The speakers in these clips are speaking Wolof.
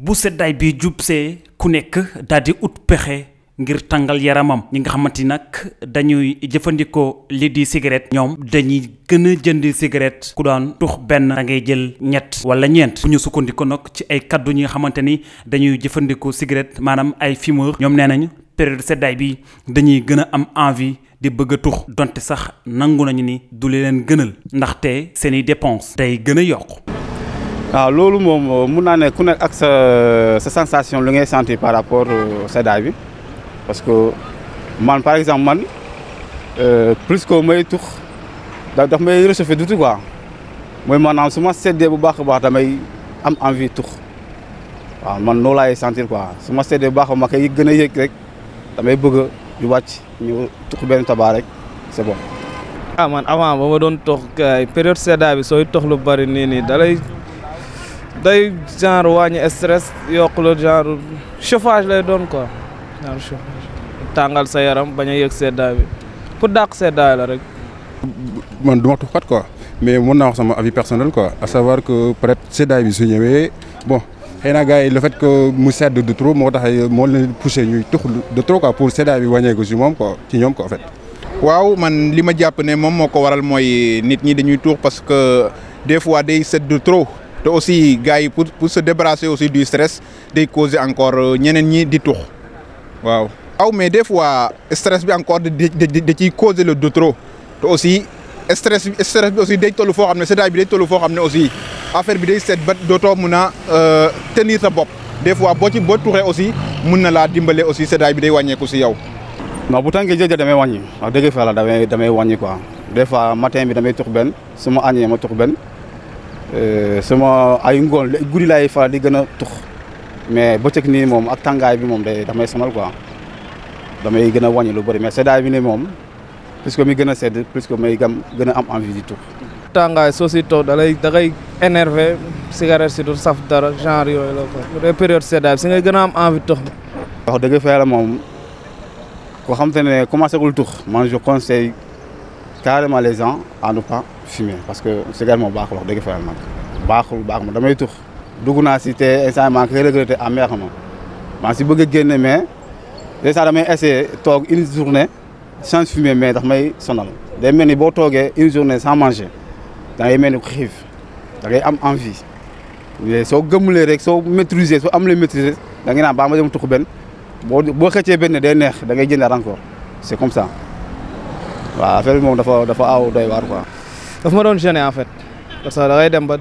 bu seddaay bi jubsee ku nekk daal di ut pexe ngir tàngal yaramam ñi nga xamante nag dañuy jëfandikoo lii di cigarette ñoom dañuy gën a jënd cigarette ku daan tux benn da ngay jël ñett wala ñeent bu ñu sukkandikoo nag ci ay kaddu ñi nga xamante ni dañuy jëfandikoo cigarette maanaam ay fumeur ñoom nee nañu période seddaay bi dañuy gën a am envie di bëgg a tux donte sax nangu nañu ni du leen gënal ndaxte seeni dépense day gën a yokk waaw loolu moom euh, mun naa ne ku nekk ak sa sa sensation lu ngay sentir par rapport euh, seddaa bi parce que man par exemple man euh, plus que may tux da daf may réchauffé du tout quoi mooy maanaam su ma seddee bu baax a baax tamay am envie tux waaw man noonu laay sentir quoi su ma seddee bu baax a ma koy gën a yëg rek damay bëgg ñu wàcc ñu tux benn tabac rek c'est bon. ah man avant ba ma doon tox kay période seddaay bi sooy tox lu bari nii nii dalay day genre wàññi stress yokk la genre chauffage lay doon quoi genre sa yaram bañ yeg yëg seddaay bi pour dàq seddaay la rek. man du ma tuxkat quoi mais mën naa wax sama avis personnel quoi à savoir que peut être seddaay bi su ñëwee bon xëy na gars yi le fait que mu sedd de trop moo tax moo leen poussé ñuy tux de trop quoi pour seddaay bi wàññeeku si moom ko ci ñoom quoi waaw man li ma jàpp ne moom moo ko waral mooy nit ñi dañuy tuux parce que des fois day sedd de te aussi gars yi pour pour se débarrasser aussi du stress day causer encore euh, ñeneen ñi di tux waaw. waaw mais des fois stress bi encore da da ciy causer le de trop te aussi stress bi bi aussi day toll foo xam ne seddaay bi day toll foo xam ne aussi affaire bi day set ba dootoo mun a euh, tenir sa bopp des fois boo ci boo tuxee aussi mun na laa dimbale aussi seddaay bi day wàññeeku si yow. non bu tànkee jëjë damay wàññi wax dëgg fa la damay damay wàññi quoi des matin bi damay tux benn su ma añee ma benn. Euh, sama ay ngoon la laay faral di gën a tux mais bëccëg nii moom ak tàngaay bi moom day damay sonal quoi damay gën a wàññi lu bëri mais seddaay bi nii moom plus que mi gën a sedd plus que may gam gën a am envie di tux tàngaay soo si toog da lay da ngay énervé cigarette si du saf dara genre yooyu la quoi bu période seddaay bi si ngay gën a am envie tux wax dëgg fa yàlla moom ko xam ne commencé gul tux man je conseille carrément les gens à ne pas fumier parce que cigare moom baaxul wax dëgg fa yàlla nag baax ma damay tux dugg naa si te instant maa e koy regretté meex ma maa si bëgg a génne mais instant damay essayé toog une journée sans fumier mais daf may sonal day mel ni boo toogee une journée sans manger da ngay mel ni ku xiif da ngay am envie mais soo gëmulee rek soo maîtriser soo am la maîtriser da ngay naan baa ma dem tux benn boo boo xëccee benn day neex dangay ngay jëndaat encore c'est comme ça waaw affaire moom dafa dafa aw doy daf ma doon gêner en fait parce que da ngay dem ba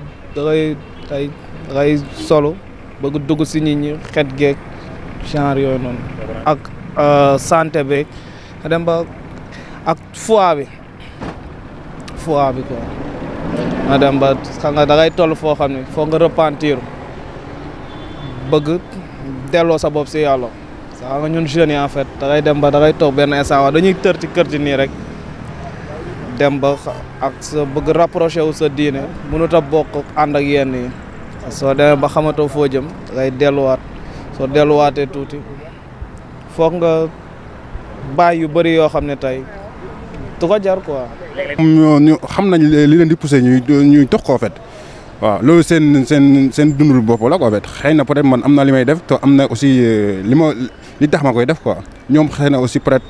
solo bëgg dugg si nit ñi xet geeg genre yooyu noonu ak euh, santé beeg nga ba ak foie bi foie bi quoi da ngay toll foo xam ne foo nga repentir bëgg delloo sa bop si yàlla saa nga ñun jeunes yi en fait da ngay dem ba da ngay toog benn instant dañuy tër ci kër ci nii rek dem ba ak sa bëgg rapproché wu sa diine mënut a bokk ànd ak yenn yi soo demee ba xamatoo foo jëm ngay delluwaat soo delluwaatee tuuti foog nga baay yu bari yoo xam ne tey du ko jar quoi. ñu xam nañ li leen di poussé ñuy ñuy tox ko en waaw loolu seen seen seen dundul bopp la ko xëy na peut-être man am na li may def te am na aussi euh, li ma li tax ma koy def quoi ñoom xëy na aussi peut-être.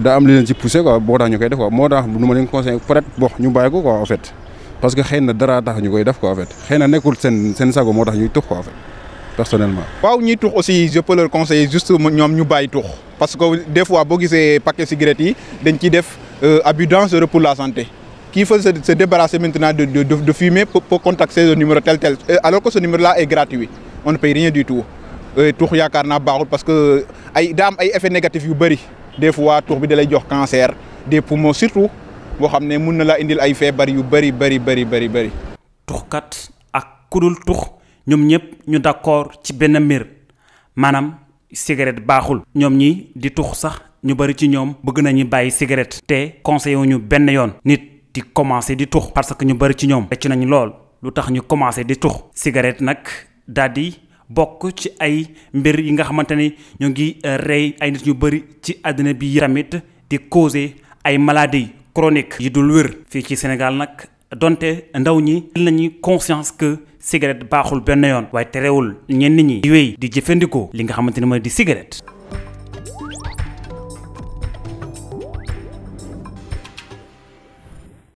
daa am li leen ci poussé quoi boo tax ñu koy def quoi moo tax du ma leen conseillé peut être ñu bàyyi ko quoi en fait parce que xëy dara tax ñu koy def quoi en fait xëy na seen sago moo tax ñuy tux quoi en fait parce que des fois boo gisee paquet cigarette yi dañ ciy def euh, abus dangereux pour la santé. qu'il se, se, débarrasser maintenant de, de, pour, pour, contacter le numéro tel tel. Euh, alors que ce numéro-là est gratuit. On ne paye rien du tout. Euh, tout parce que il y a des des fois tux bi dalay jox cancer des poumons surtout boo xam ne mun na laa indil ay feebar yu bëri bëri bëri bëri bëri. tuxkat ak kudul tux ñoom ñëpp ñu d'accord ci benn mbir maanaam cigarette baaxul. ñoom ñi di tux sax ñu bëri ci ñoom bëgg nañu bàyyi cigarette. te conseillé wu ñu benn yoon. nit di commencer di tux. parce que ñu bëri ci ñoom. rëcc nañu lool lu tax ñu commencer di tux. cigarette nag daal bokk ci ay mbir yi nga xamante ni ñu ngi euh, rey ay nit ñu bëri ci àddina bi tamit di causer ay maladies chroniques yi dul wér fii ci Sénégal nag donte ndaw ñi jël nañu conscience que cigarette baaxul benn yoon waaye terewul ñenn ñi di wéy di jëfandikoo li nga xamante ni mooy di cigarette